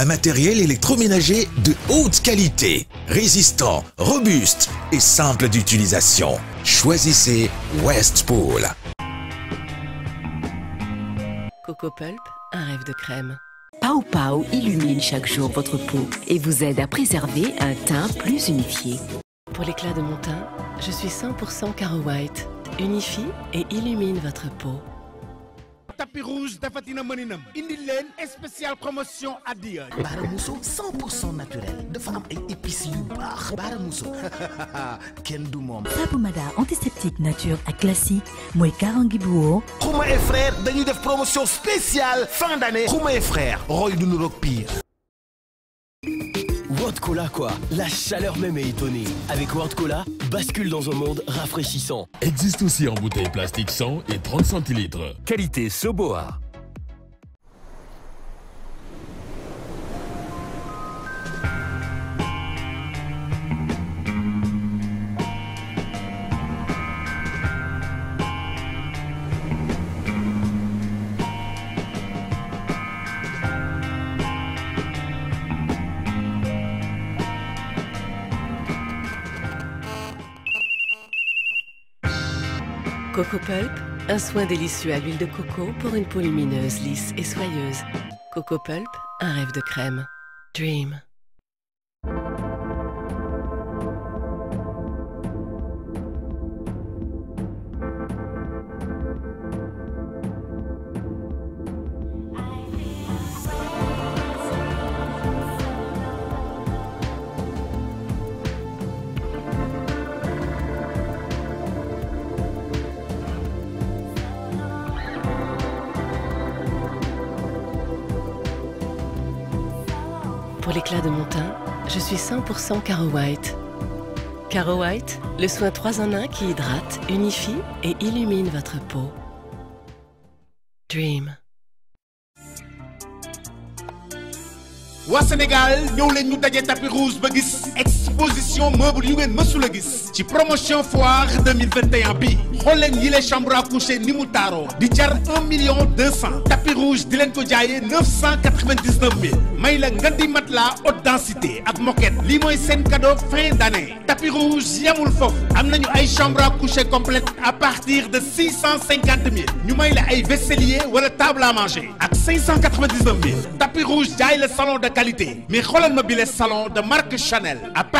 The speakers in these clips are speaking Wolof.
un matériel électroménager de haute qualité, résistant, robuste et simple d'utilisation. Choisissez Westpool. Coco Pulp, un rêve de crème. Pau Pau illumine chaque jour votre peau et vous aide à préserver un teint plus unifié. Pour l'éclat de mon teint, je suis 100% Caro White. Unifie et illumine votre peau tapis rouge Fatina maninam. Indilène et spécial promotion à dire. 100 Moussou 100% naturel de femmes et épices yu Moussou, Ken Papoumada antiseptique nature à classique Moué Karangibouo. Kouma et frère dañuy de promotion spéciale fin d'année Kouma et frère roy de nuroog pire Word Cola quoi La chaleur même est étonnée. Avec World Cola, bascule dans un monde rafraîchissant. Existe aussi en bouteille plastique 100 et 30 centilitres. Qualité Soboa. Coco Pulp, un soin délicieux à l'huile de coco pour une peau lumineuse, lisse et soyeuse. Coco Pulp, un rêve de crème. Dream. 100% Caro White. Caro White, le soin 3 en 1 qui hydrate, unifie et illumine votre peau. Dream. wa Sénégal nous ñu rouge Position meuble yu ngeen mësul a gis promotion foire 2021 bi xool yi les chambres à coucher ni mu taaroo di jar 1 million 200 tapis rouge di leen ko 999 000 may la matelas haute densité ak moquette lii mooy seen cadeau fin d'année tapis rouge yamul foofu am nañu ay chambre à coucher complète à partir de 650 000 ñu may la ay vaisselier wala table à manger ak 599 000 tapis rouge jaay le salon de qualité mais xoolal ma bi salon de marque Chanel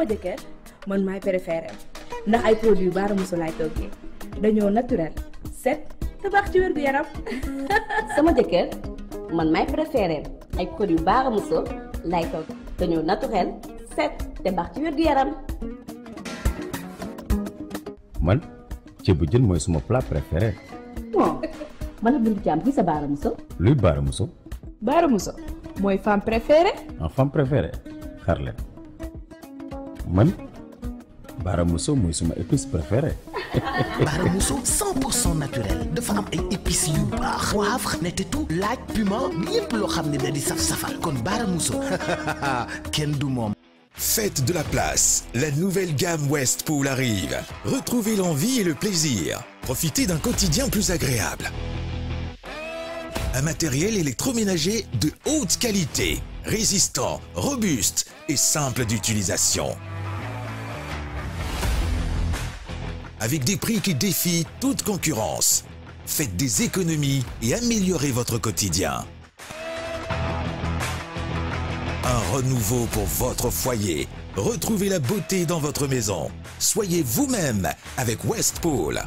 sama jëkkër man maay préféré ndax ay produits baara mosul laay toggee dañoo naturel set te baax ci wérgu yaram. dañoo naturel te baax ci yaram. man ceeb bu jën mooy suma plat préféré. man la Bintu Thiam sa baara luy baara mosul. mooy femme préférée. ah femme préférée xar man Bara moy suma épice préférée. Bara 100% naturel de am ay épices yu net poivre tout laaj piment lépp lo xam da di saf-safal kon Bara ken du Faites de la place, la nouvelle gamme West Pool arrive. Retrouvez l'envie et le plaisir. Profitez d'un quotidien plus agréable. Un matériel électroménager de haute qualité, résistant, robuste et simple d'utilisation. avec des prix qui défient toute concurrence. Faites des économies et améliorez votre quotidien. Un renouveau pour votre foyer. Retrouvez la beauté dans votre maison. Soyez vous-même avec Westpool.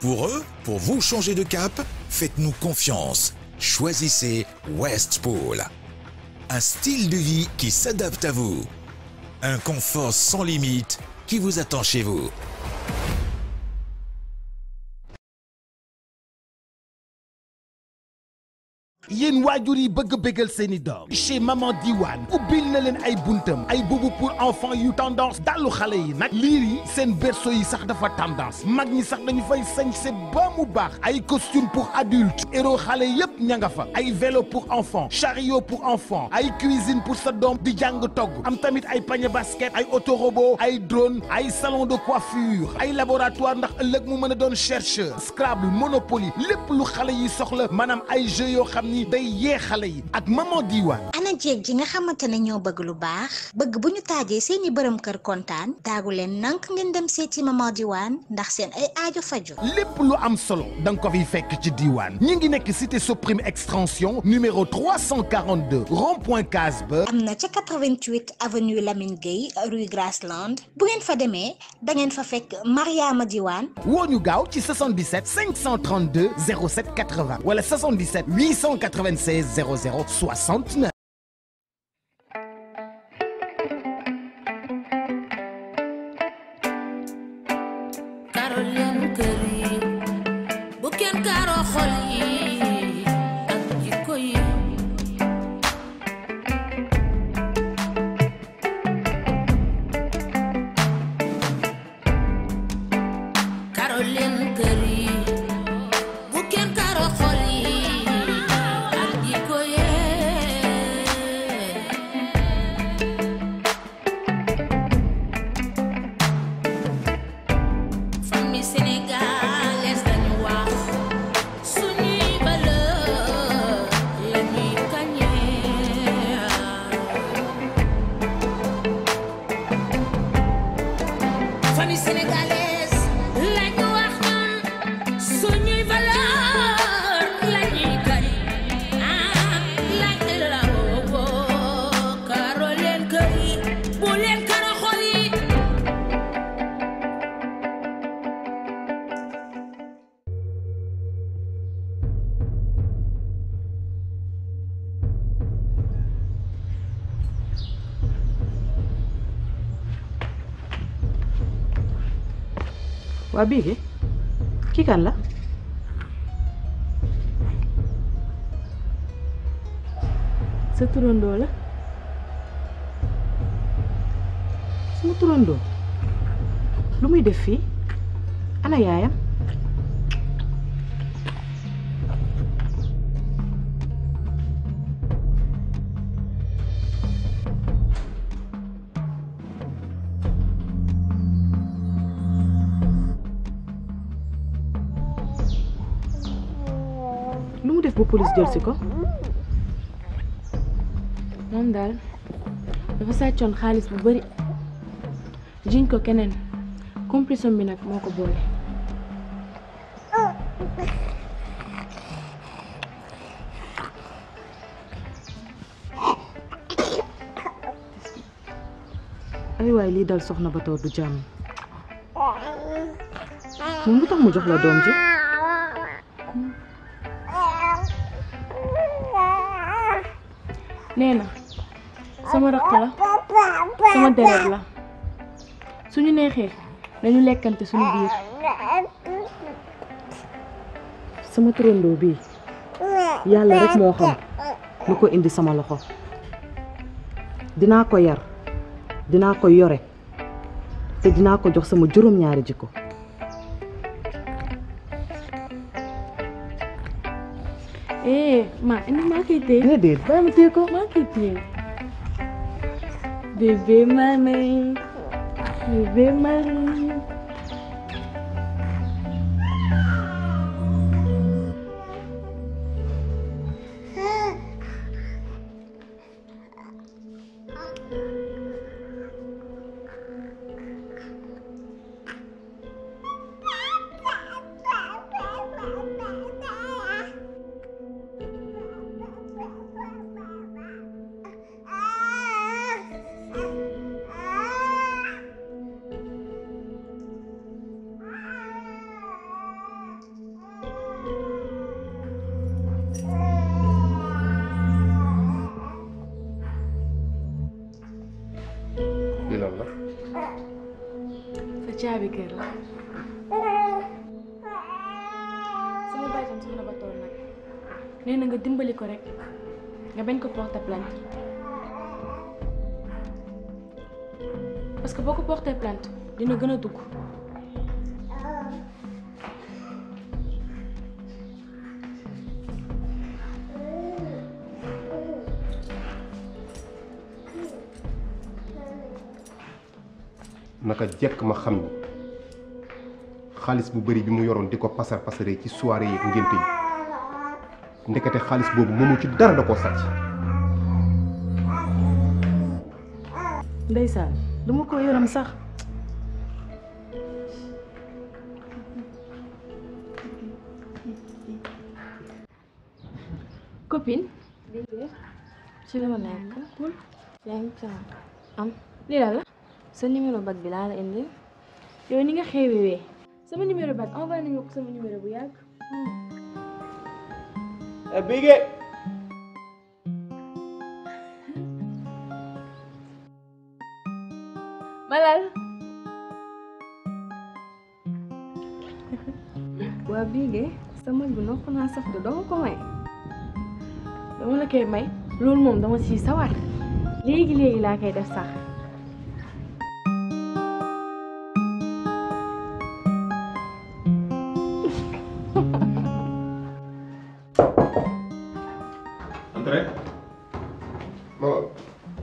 Pour eux, pour vous changer de cap, faites-nous confiance. Choisissez Westpool. Un style de vie qui s'adapte à vous un confort sans limite qui vous attend chez vous. yeen waajur yi bëgg bëggal seeni doom chez maman Diwane ubbil na leen ay buntam ay boobu pour enfant yu tendance dalu xale yi nag liir yi seen berceau yi sax dafa tendance mag ñi sax dañu fay sañse ba mu baax ay costume pour adulte héros xale yépp ña nga fa ay vélo pour enfant chariot pour enfant ay cuisine pour sa doom di jàng togg am tamit ay panier basket ay robot. ay drone ay salon de coiffure ay laboratoire ndax ëllëg mu mën a doon chercheur Scrabble Monopoly lépp lu xale yi soxla maanaam ay jeu yoo xam ni yi day yee yi ak maman diiwaan ana jeeg ji nga xamante ne ñoo bëgg lu baax bëgg bu ñu taajee seeni bërëm kër kontaan daagu leen nank ngeen dem seeti maman diiwaan ndax seen ay aajo fajo. lépp lu am solo da nga ko fi fekk ci diiwaan ñi ngi nekk cité Soprim extension numéro 342 rond point case ba am na ca 88 avenue Lamine Gueye rue Grasland bu ngeen fa demee da ngeen fa fekk Mariama Diwane. woo ñu gaaw ci 77 532 07 80 wala 77 800 96 00 69. waa bii kii kan la sa turandoo la suma turandoo lu muy def fii ana yaayam bu police jël si ko moom daal dafa sàccoon xaalis bu bari jiñ ko keneen complice bi nag moo ko boole. ay waay lii dal soxna ba du jàmm moom lu tax mu jox la doom ji. nee na sama rakk la sama deret la suñu neexee dañu lekkante suñu biir sama turandoo bii yàlla rek moo xam lu ko indi sama loxo dinaa ko yar dinaa ko yore te dinaa ko jox sama juróom-ñaari jikko Ma, ini maki te. Ini de, ba mati ko. Maki te. Bebê mamãe, Bebê mamãe caabi kër la sama bàyyitam soxna ba tool nag nee na nga dimbali ko rek nga bañ ko porter plainte parce que boo ko porter plainte dina gën a dugg naka jek ma xam khalis bu beuri bi mu yoron diko passer pasar ci soirée yi ngenté yi ndekete khalis bobu momu ci dara da ko sacc ndeysaan du ko yoram sax copine ci la nek nekk yaa ngi am lila la sa numéro bac bi laa la indi yow ni nga xeewee sama numéro bac envoyé nañu ko sama numéro bu yàgg. Eh, Bigé. Malal. waa Bigé sama gu nopp naa saf de dama ko may. dama la koy may loolu moom dama siy sawar léegi léegi laa koy def sax.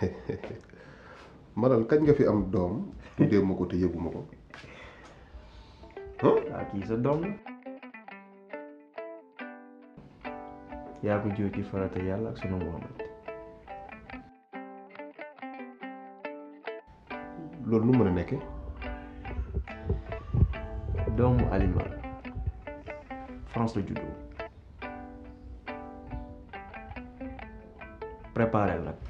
maral kañ nga fi am doom tuddee ma ko te yëgu ma ko waaw ah, kii sa doom la yaa ko jiw ci farata yàlla ak sunu Muhammad loolu nu mën a nekke doomu Alima France la juddoo préparé nag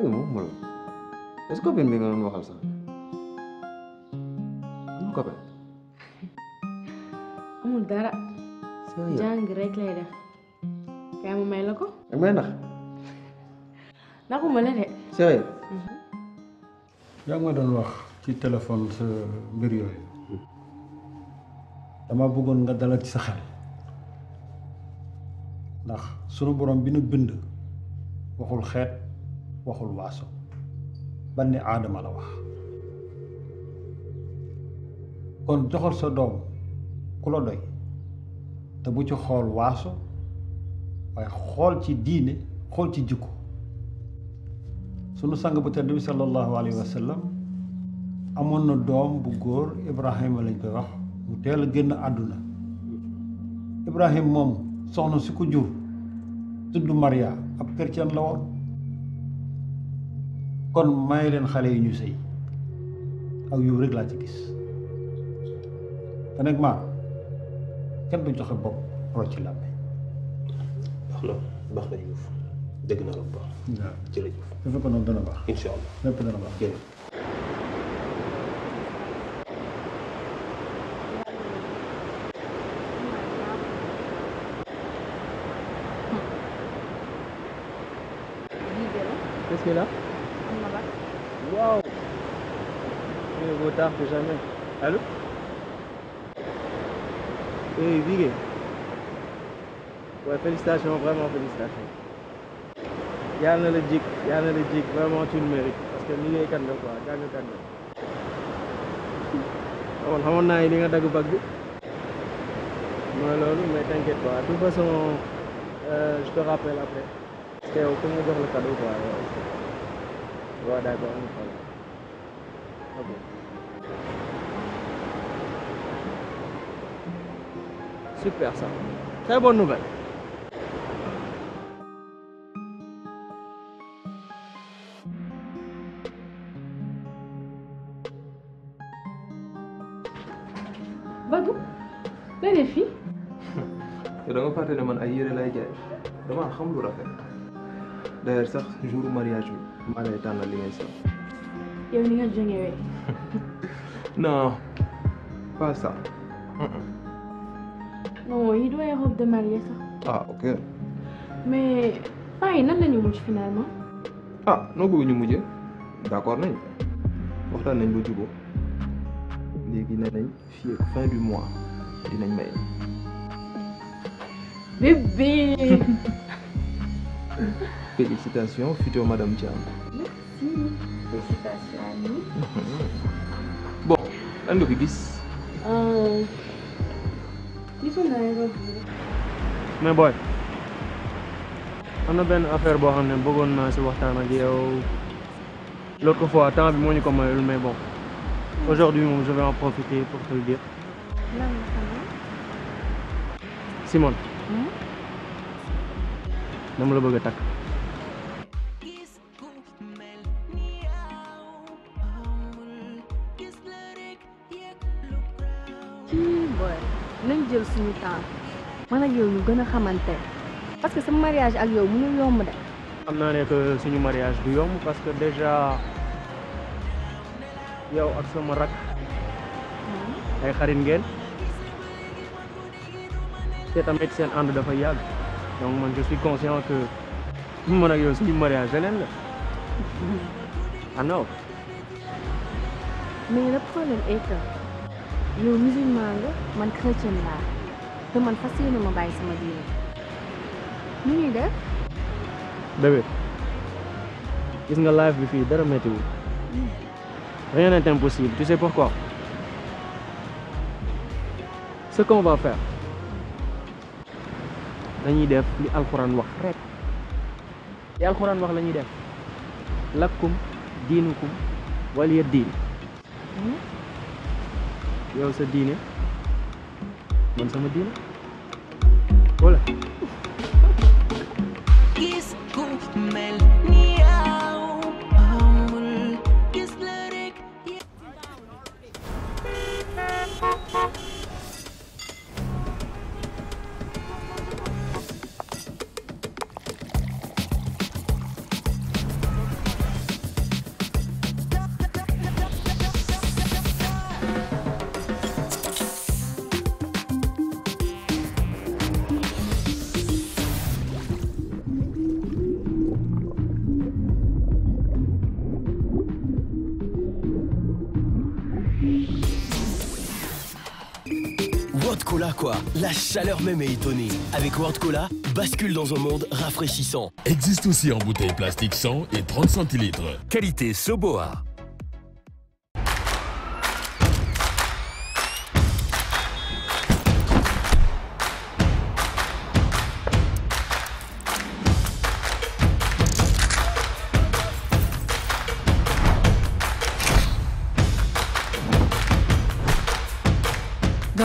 kan umur loh Es go bimbingan wakal sana Kamu kapan? Kamu dara Jangan gerak lah ya Kayak mau Nah aku malah deh Saya? Yaa ngi ma doon wax ci sa mbir dama bëggoon nga dalal sa xel borom waxul waxul waaso banni aadama la wax kon joxal sa doom ku la doy te bu ci xool waaso waaye xool ci diine xool ci jikko sunu sang bu tedd bi sallallahu alayhi wa sallam na doom bu góor Ibrahima lañ koy wax mu teel a génn Ibrahim moom soxna si ko jur tudd Maria ab chrétien la woon kon may leen xale yi ñu sëy aw yow rek laa ci gis honnêtement kenn du joxe bopp rocc ci làmbe baax noonu dana baax insha allah dana baax tard que jamais. Allô Hey, Vigue. Ouais, félicitations, vraiment félicitations. Yal na la jik, yal na vraiment tu le mérites. Parce que nous, kan la quoi, jàng kan la. Bon, xamoon naa li nga dagg bag bi. mais t'inquiète pas de toute façon euh, je te rappelle après. parce que yow ku le cadeau quoi. waaw d'accord, amul ok. Super ça. Très bonne nouvelle. Bagou, lay def fii. te da nga mon ne man ay yére lay jaay dama xam lu rafet. d'ailleurs sax jour mariage bi maa lay tànnal li ngay sol. yow ni nga Djengere. Non, pas ça. Non, il doit y avoir robe de mariée, ça. Ah, ok. Mais, pas une année finalement. Ah, non, vous nous mouillez. D'accord, non. Pourtant, nous avons dit léegi nee nañ fii ak fin du mois dinañ may. bébé. félicitations future madame Tian. merci félicitations. An baki gis? mais boy am na benn affaire bo xamné ne na ci si waxtaan ak yow l'autre fois temps bi moo ñu ko mayul mais bon aujourd'hui je vais en profiter pour te le dire Simone hmm? dama la bëgg a takk parce que ce mariage de. mariage du parce que déjà yow ak sama rak hmm. donc je suis conscient que mon suis mariage ah non. mais le problème est que les musulman man chrétien te man fas ma vie sama diine bébé gis nga live bi rien n'est impossible tu sais pourquoi ce qu'on va faire dañuy def li alcorane wax rek li wax la def lakum dinukum waliya din. Hmm? yow sa diine Bukan sama dia lah. chaleur même est étonnée. Avec World Cola, bascule dans un monde rafraîchissant. Existe aussi en bouteille plastique 100 et 30 centilitres. Qualité Soboa.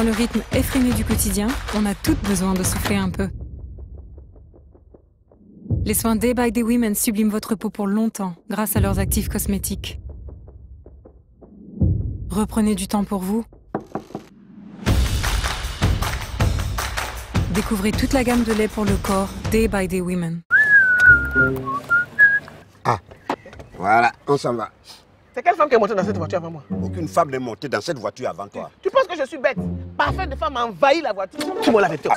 le rythme effréné du quotidien, on a toutes besoin de souffler un peu. Les soins Day by Day Women subliment votre peau pour longtemps grâce à leurs actifs cosmétiques. Reprenez du temps pour vous. Découvrez toute la gamme de lait pour le corps Day by Day Women. Ah, voilà, on s'en va. C'est quelle femme qui est montée dans cette voiture avant moi Aucune femme n'est montée dans cette voiture avant toi. Tu, penses que je suis bête Parfum de femme a envahi la voiture. Dis-moi la vérité. Ah,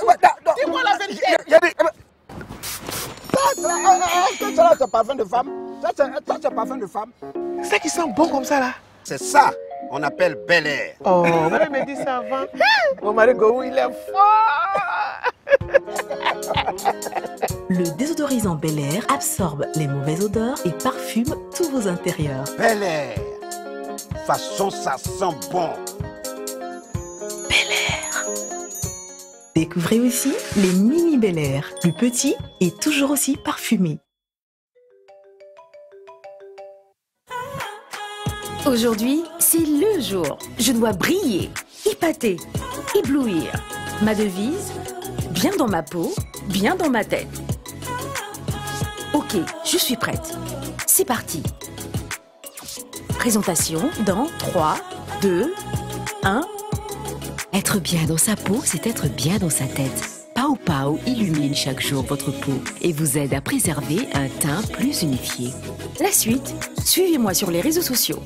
Dis-moi la vérité. Il y a des... as ah, ah, parfum de femme. tu c'est parfum de femme. C'est qui sent bon comme ça, là C'est ça. On appelle bel air. Oh, mari me dit ça avant. Mon mari Gourou, il est fort. le désodorisant Bel Air absorbe les mauvaises odeurs et parfume tous vos intérieurs. Bel Air Façon, ça sent bon Bel Air Découvrez aussi les mini Bel Air, plus petits et toujours aussi parfumés. Aujourd'hui, c'est le jour. Je dois briller, épater, éblouir. Ma devise Bien dans ma peau, bien dans ma tête. Ok, je suis prête. C'est parti. Présentation dans 3, 2, 1. Être bien dans sa peau, c'est être bien dans sa tête. Pau Pau illumine chaque jour votre peau et vous aide à préserver un teint plus unifié. La suite, suivez-moi sur les réseaux sociaux.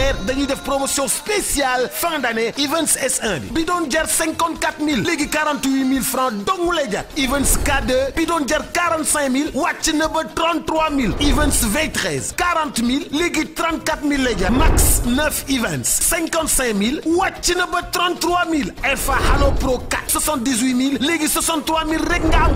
frère, dany def promotion spéciale fin d'année Events S1 bidonjer 54 000, Légué 48 000 francs Donc les gars Events K2 Bidonger 45 000, 33 000. Events V13 40 000, Légué 34 000 les Max 9 events 55 000, 33 000. RFA Halo Pro 4 78 000, Légué 63 000 rek nga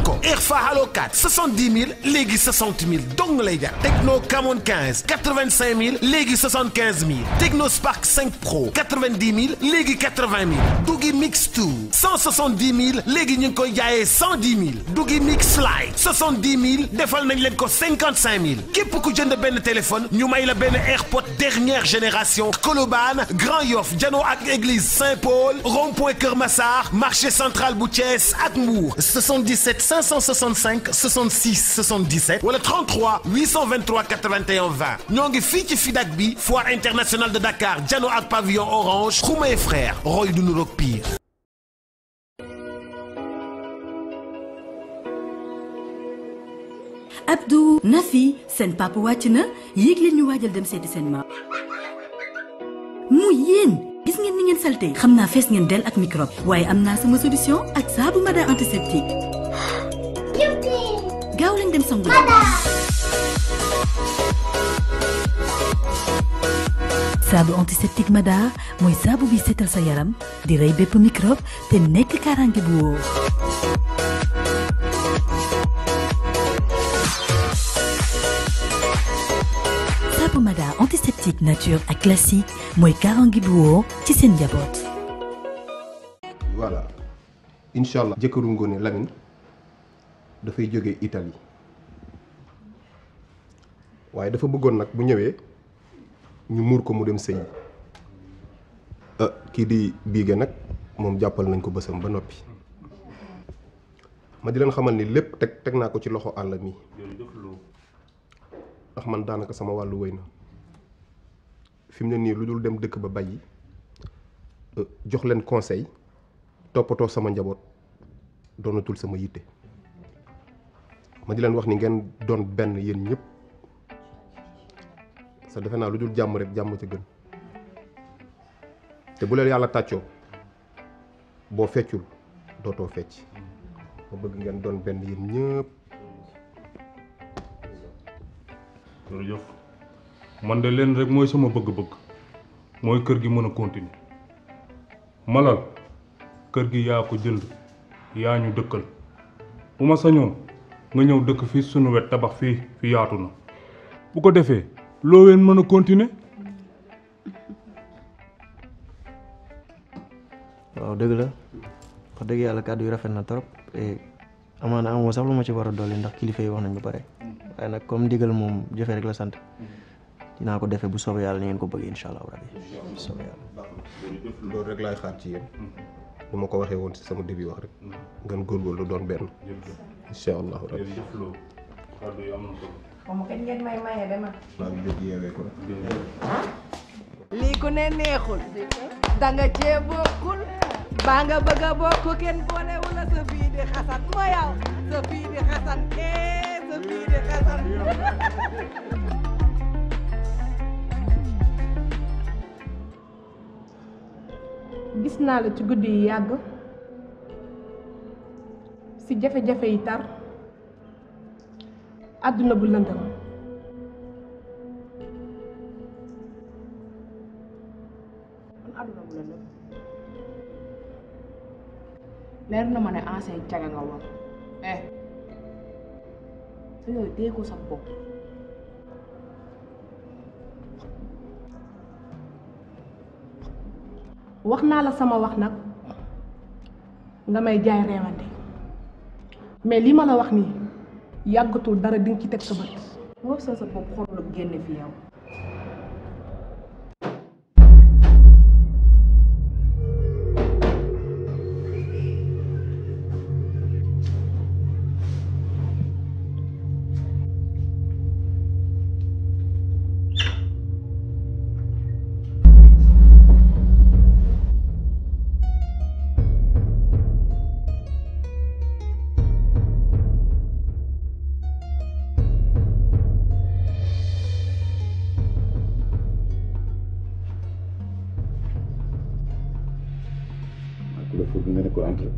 Halo 4 70 000, Légué 60 000 dong les Techno Camon 15 85 000, Légué 75 000. Technospark 5 Pro 90 000 Legi 80 000 Dougie Mix 2 170 000 Legi 110 000 Dougie Mix Light 70 000 defal nañ 55 000 képp ku Ben de téléphone ñu may AirPod dernière génération Koloban. Grand Yoff Jano ak église Saint-Paul rond-point Kermassar, marché central Boutiès Akmour. 77 565 66 77 Ou le 33 823 81 20 Nous Fiti Fidagbi foire internationale national de Dakar Diallo ak pavillon orange Rouma et frère roy du nuroog pire Abdou Nafi sen papa wàcc na yéeg leen ñu wajal dem sédi sen ma. mu gis ngeen ni ngeen salte xamna fess ngeen del ak microbe waye Amna sama solution ak Sabu mada antiseptique gaaw leen dem saabu antiseptique Madaar moy saabu bi setal sa yaram di rey bepp microbe te nek kaaraange bu wóor. saabu Madaar antiseptique nature ak classique moy kaaraange bu wóor ci sen njaboot. voilà inshallah allah. ngone lamine da fay jógee Italie waaye dafa bëggoon nak bu ñëwé ñu mur ko mu dem sey euh ah, ki di biige nak mom jappal nañ ko bëssam ba nopi ma di leen xamal ni lepp tek tek naa ko ci loxo Allah mi ndax man daanaka sama walu wayna fim ne ni lu dul dem dekk ba euh jox len conseil toppatoo sama njabot donatul sama yitte ma di leen wax ni ngeen don ben yeen ñepp sa defe naa lu dul rek jàmm ci gën te bu leer yalla taccio bo feccul doto fecc ma bëgg ngeen doon yeen ñepp ñëpp. jox man de len rek moy sama bëgg-bëgg moy kër gi mëna continuer malal kër gi ya ko jënd ya ñu dëkkal bu ma sañoon nga ñew dëkk fi sunu wet tabax fi fi yaatu na bu ko defee lowen mëna continuer waaw deug la wax deug yalla kaddu yu rafet na torop et eh, amana amu sax luma ci wara dolé ndax kilifa yi wax nañu bare paré nak comme digal mom jëfé rek la sante dina ko défé bu soobé yalla ngeen ko bëgg inshallah rabbi soobé yalla lool rek lay xaar ci yeen buma ko waxé won ci sama début wax rek ngeen gor gor lu doon ben inshallah rabbi kaddu yu am na solo moom kañ ngeen may maye dama. lii ku ne neexul. da nga bokkul. baa nga bëgg bokk kenn boole sa fii di xasan moo yaw sa fii di xasan eh sa fii di xasan. gis naa la ci guddi yi yàgg si jafe-jafe yi tar. àdduna bu lëndëm leer na ma ne ancien caga nga war eh wax naa la sama wax nag nga may jaay reewante mais li ma la wax nii yàggatul dara di nga ci teg sa bët. moo sa sa bopp xool génne fi yow. Al-Quran terus.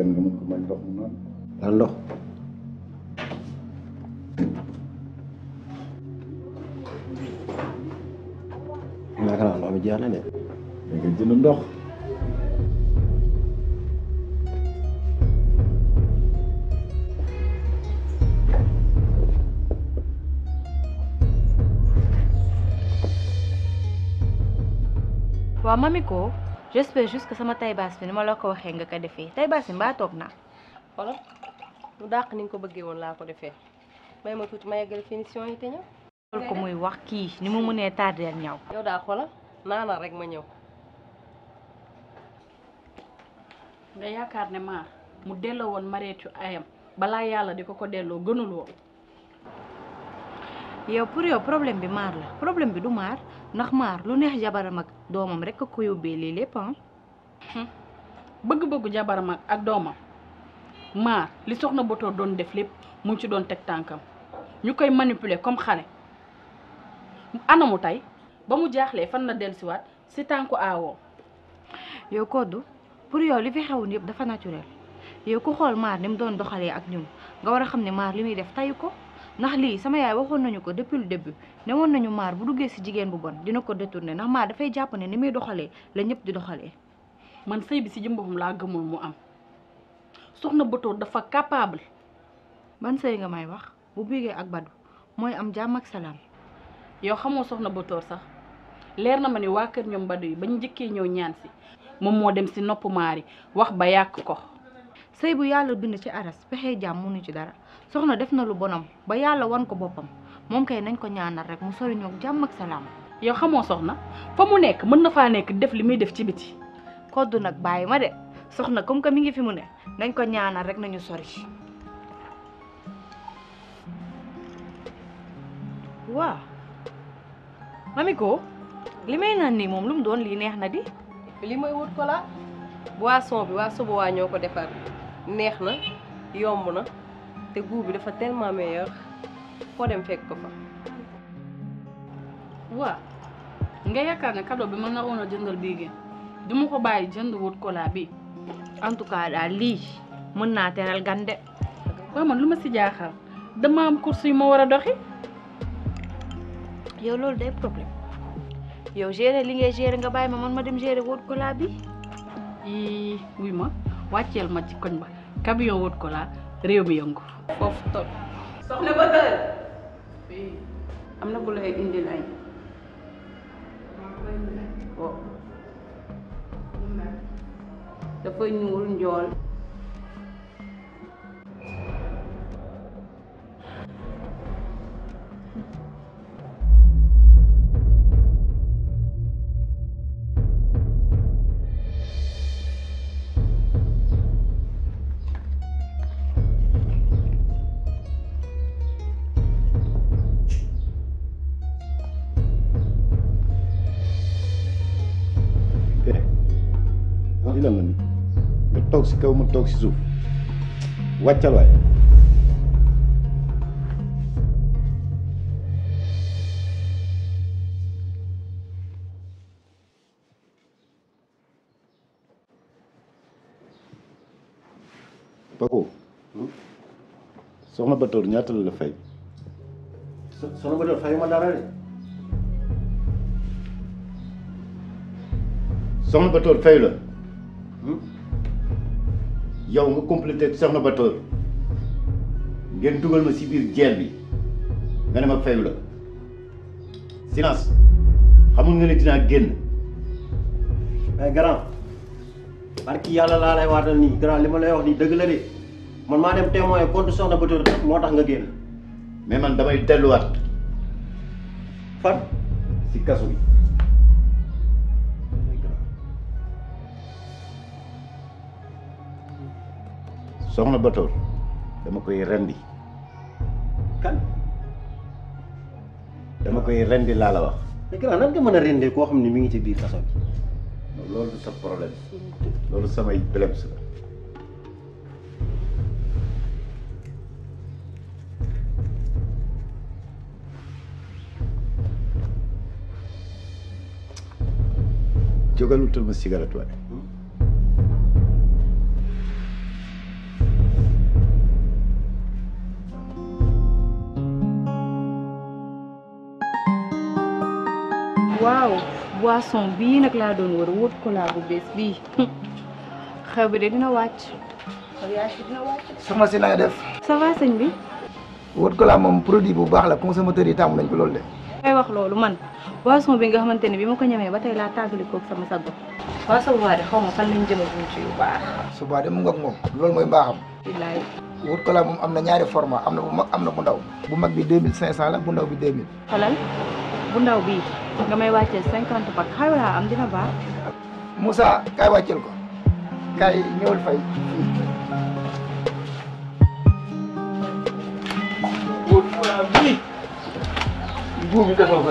kamu kumain tak menang. jeex na de. da que sama tay baas bi ni ma la ko waxee nga ko defee tay baas bi mbaa toog naa. xoolal dàq ni nga ko bëggee woon laa ko defee may ma tuuti ma yeggal finition yi te ñëw. ko muy wax kii ni mu mënee tardeel ñaw. naanal rek ma ñëw. nga yaakaar ne maar mu delloo woon mareetu ayam balaa yàlla di ko ko delloo gënul woon. yow pour yow problème bi maar la problème bi du maar ndax maar lu neex jabaram ak doomam rek a ko yóbbee lii lépp ah. bëgg-bëggu jabaram ak doomam maar li soxna Boto doon def lépp mu ci doon teg tànkam ñu koy manipule comme xale anamu tey ba mu jaaxlee fan la dellusiwaat si tànku aawoo. yow koddu pour yow li fi xewoon yëpp dafa naturel yow ku xool maar ni mu doon doxalee ak ñun nga war a xam ne maar li muy def tayu ko ndax lii sama yaay waxoon nañu ko depuis le début ne woon nañu maar bu duggee si jigéen bu bon dina ko détourné ndax maar dafay jàpp ne ni muy doxalee la ñëpp di doxalee. man sëy bi si jëm boppam laa gëmul mu am soxna Bator dafa capable. ban sëy nga may wax bu bigee ak badu mooy am jàmm ak salaam. yow soxna Bator sax. leer na ma ni waa kër ñoom Badu yi bañ njëkkee ñëw ñaan si moom moo dem si nopp maari wax ba yàq ko. sëy bu yàlla bind ci aras pexe jaam nu ci dara soxna def na lu bonam ba yàlla wan ko boppam moom kay nañ ko ñaanal rek mu sori ñoog jàmm ak salaam. yow xamoo soxna mu nekk mën na faa nekk def li muy def ci biti. koddu nag bàyyi ma de soxna comme que mi ngi fi mu ne nañ ko ñaanal rek nañu sori. li may naan nii moom lu mu doon lii neex na di. li may wut ko la bi waa suba waa ñoo ko defar neex na yomb na te goût bi dafa tellement meilleur foo dem fekk ko fa. waa nga yaakaar ne cadeau bi mën na woon a jëndal bii ngeen du ma ko bàyyi jënd wut kola bi en tout cas daal lii mën naa teral gan de. waaw man lu ma si jaaxal dama am course yu ma war a doxi. yow loolu day problème. yow gérer li ngay gérer nga bàyyi ma man ma dem gérer wóot kola bi i wuy ma wàcceel ma ci koñ ba camion wóot kola réew mi yëngu foofu tol soxna ba am na bu lay indil añ dafay ñuul njool mu toog si suuf wàccal waay Paco hmm? soxna Batoor ñaata la la fay. soxna Batoor fayu ma dara de. soxna Batoor fayu la. Hmm? yow nga complété ak soxna ba ngeen dugal ma si biir jeel bi nga ne ma fayu la silence xamul nga ne dinaa génn mais eh, grand barki yàlla laa lay waatal nii grand li ma lay wax nii dëgg la de man maa dem témoin contre soxna ba tóor moo tax nga génn mais man damay delluwaat fan si kaso bi soxna Batoor dama koy rendi kan dama koy rendi la la wax. nek la nan nga meuna a ko xamni mi ngi ci biir kaso bi. loolu sa problème loolu samay problème la. jógalutal ma cigarette waaye. waaw boisson bii nag laa doon war a wut cola bu bees bii xew bi de dina wàcc. mariage bi dina wàcc. soxna si na def. ça va sëñ bi. wut cola moom produit bu baax la consommateur yi taamu nañ ko loolu de. kay wax loolu man boisson bi nga xamante ne bi ma ko ñamee ba tey laa tàggali koog sama sago. waaw sa boobaa xaw ma fan lañ jëma buñ ci yu baax. su mu ngoog moom loolu mooy mbaaxam. bilaay. wut cola moom am na ñaari forma am na bu mag am na bu ndaw. bu mag bi deux mille cinq cent la bu ndaw bi deux mille. xoolal bu ndaw bii. nga may wàcceel cinquante ba xay wala am dina baax. Moussa kay wàcceel ko kay ñëwal fay fii. buubi defoo ko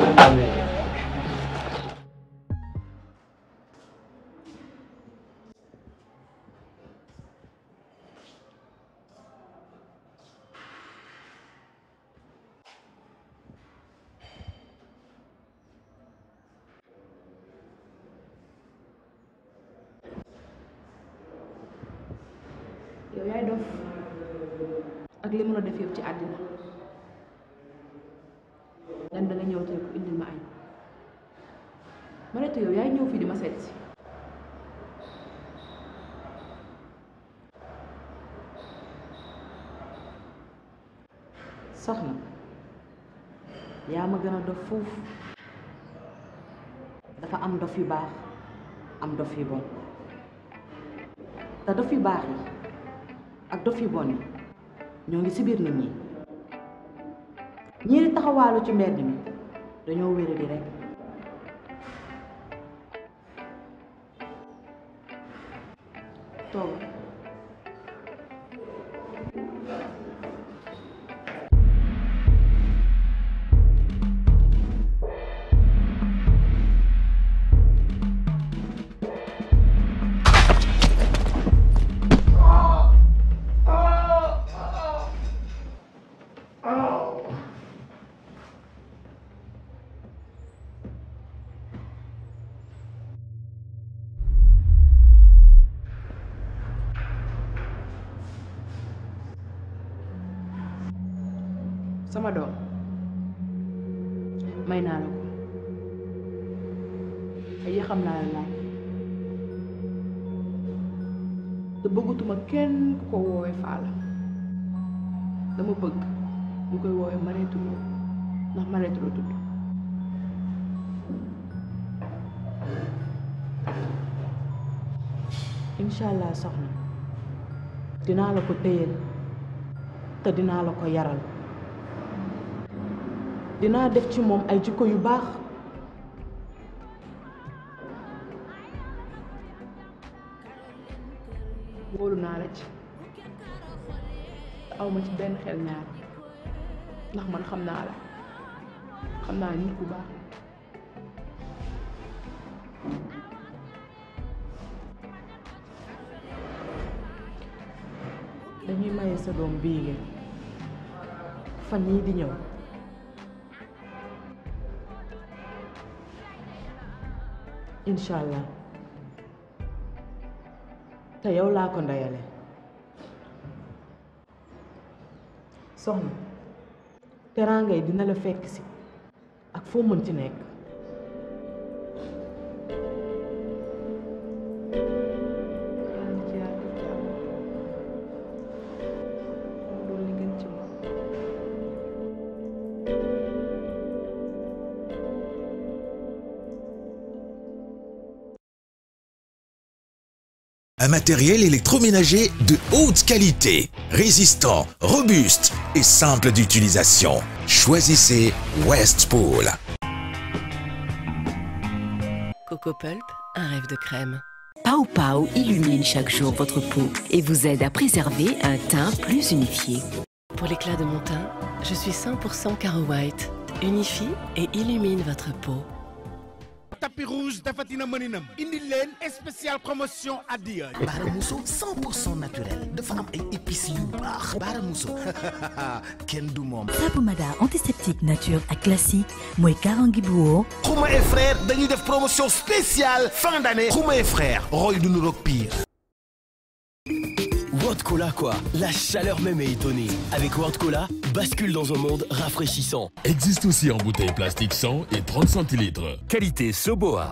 yëpp ci àddina nga ne danga ñëw te ko ma añ ma ne yow yaay ñëw fii di ma seet si soxna yaa ma gën a dof foofu dafa am dof yu baax am dof yu bon te dof yu baax yi ak dof yu bon ñoo ngi si biir nit ñi ñii taxawaalu ci mbedd mi dañoo wéradi rek sama doom may naa la ko ay xam naa la laaj te bëggatuma kenn ku ko woowee faala dama bëgg ñu koy woowee Marietu Lo ndax Marietu la tudd incha soxna dinaa la ko téyel te dinaa la ko yaral dinaa def ci moom ay jikko yu baax wóolu naa la ci aw ci benn xel ñaar ndax man xam naa la xam naa nit ku baax dañuy maye sa doom bii fan yii di ñëw incha te yow laa ko ndeyale soxna teraangay dina la fekk si ak foo mën ci nekk Un matériel électroménager de haute qualité, résistant, robuste et simple d'utilisation. Choisissez Westpool. Coco Pulp, un rêve de crème. Pau Pau illumine chaque jour votre peau et vous aide à préserver un teint plus unifié. Pour l'éclat de mon teint, je suis 100% Caro White. Unifie et illumine votre peau tapis rouge dafatina Maninam. indi et spéciale promotion à baaramuso 100 naturel de femme et épices yu baax baaramuso du mom. antiseptique nature à classique Moué Karangibouo. Kouma et frère dañuy def promotion spéciale fin d'année Kouma et frère roy de nous pire quoi. La chaleur même est étonnée. Avec World Cola, bascule dans un monde rafraîchissant. Existe aussi en bouteille plastique 100 et 30 centilitres. Qualité Soboa.